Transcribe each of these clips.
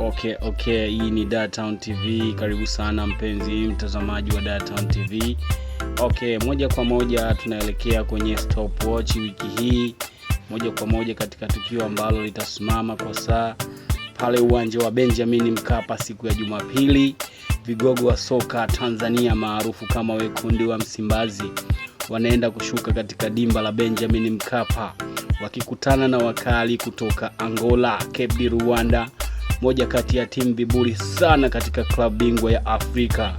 Okay, okay, hii ni Dar Town TV. Karibu sana mpenzi mtazamaji wa Dar Town TV. Okay, moja kwa moja tunaelekea kwenye stopwatch wiki hii, moja kwa moja katika tukio ambalo litasimama kwa saa pale uwanja wa Benjamin Mkapa siku ya Jumapili. Vigogo wa soka Tanzania maarufu kama wekundi wa Msimbazi wanaenda kushuka katika dimba la Benjamin Mkapa wakikutana na wakali kutoka Angola, Cape de Rwanda moja kati ya timu viburi sana katika klabu bingwa ya Afrika.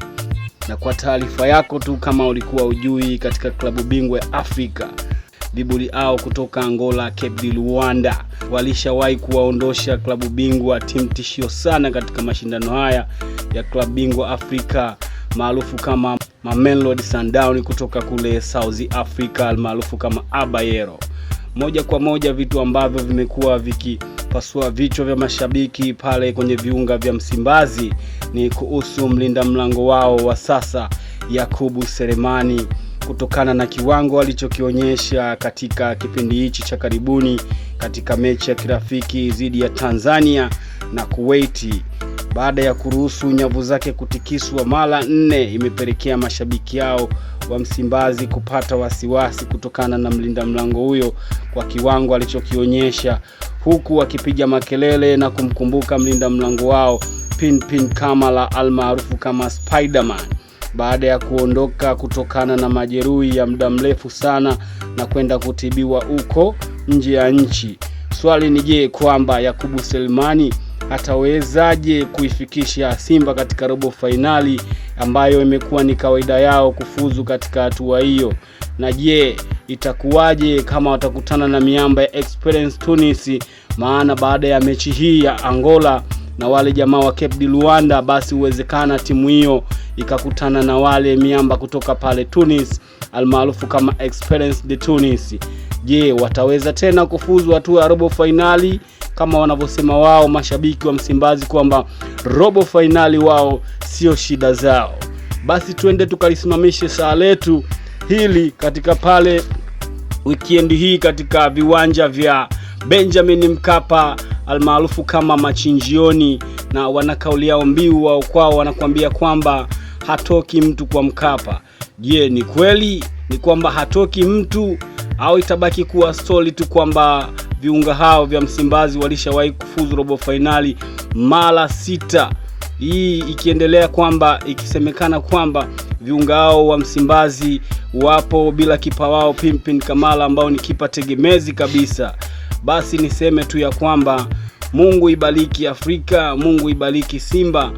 Na kwa taarifa yako tu, kama ulikuwa ujui, katika klabu bingwa ya Afrika viburi hao kutoka Angola, Cape de Luanda walishawahi kuwaondosha klabu bingwa, timu tishio sana katika mashindano haya ya klabu bingwa Afrika maarufu kama Mamelodi Sundowns kutoka kule South Africa maarufu kama Abayero moja kwa moja vitu ambavyo vimekuwa vikipasua vichwa vya mashabiki pale kwenye viunga vya Msimbazi ni kuhusu mlinda mlango wao wa sasa Yakubu Selemani kutokana na kiwango alichokionyesha katika kipindi hichi cha karibuni katika mechi ya kirafiki dhidi ya Tanzania na Kuwaiti baada ya kuruhusu nyavu zake kutikiswa mara nne, imepelekea mashabiki yao wa Msimbazi kupata wasiwasi kutokana na mlinda mlango huyo kwa kiwango alichokionyesha, huku wakipiga makelele na kumkumbuka mlinda mlango wao Pinpin Kamala almaarufu kama Spiderman baada ya kuondoka kutokana na majeruhi ya muda mrefu sana na kwenda kutibiwa huko nje ya nchi. Swali ni je, kwamba Yakubu Selemani atawezaje kuifikisha Simba katika robo fainali ambayo imekuwa ni kawaida yao kufuzu katika hatua hiyo, na je, itakuwaje kama watakutana na miamba ya Experience Tunis? Maana baada ya mechi hii ya Angola na wale jamaa wa Cape de Luanda, basi huwezekana timu hiyo ikakutana na wale miamba kutoka pale Tunis almaarufu kama Experience de Tunis. Je, wataweza tena kufuzu hatua ya robo fainali kama wanavyosema wao mashabiki wa Msimbazi kwamba robo fainali wao sio shida zao? Basi twende tukalisimamishe saa letu hili katika pale wikendi hii katika viwanja vya Benjamin Mkapa almaarufu kama machinjioni, na wana kauli yao mbiu wao kwao, wanakuambia kwamba hatoki mtu kwa Mkapa. Je, ni kweli? Ni kwamba hatoki mtu au itabaki kuwa stori tu kwamba viunga hao vya Msimbazi walishawahi kufuzu robo fainali mara sita, hii ikiendelea kwamba ikisemekana kwamba viunga hao wa Msimbazi wapo bila kipa wao Pimpin Kamala ambao ni kipa tegemezi kabisa. Basi niseme tu ya kwamba Mungu ibariki Afrika, Mungu ibariki Simba.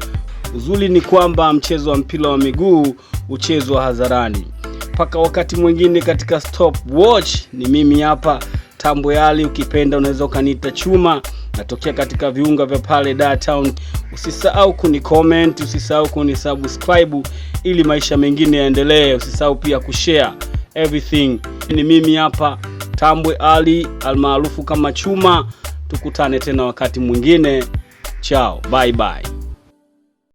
Uzuri ni kwamba mchezo wa mpira wa miguu uchezwa hadharani mpaka wakati mwingine katika watch Ni mimi hapa Tambo Yali, ukipenda unaweza ukaniita Chuma. Natokea katika viunga vya pale Dar Town. Usisahau kuni comment, usisahau kuni subscribe ili maisha mengine yaendelee. Usisahau pia kushare everything. Ni mimi hapa Tambwe Ali almaarufu kama Chuma. Tukutane tena wakati mwingine, chao, bye bye.